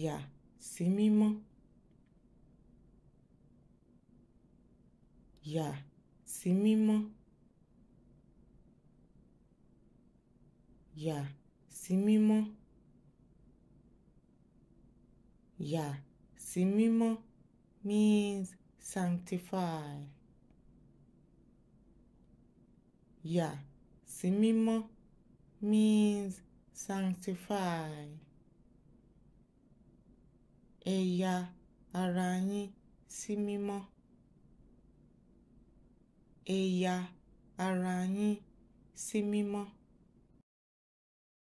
yà sí mímọ́ yà sí mímọ́ yà sí mímọ́ yà sí mímọ́ means sanctify yà sí mímọ́ means sanctify ẹ ya ara yín sí mímọ́ ẹ ya ara yín sí mímọ́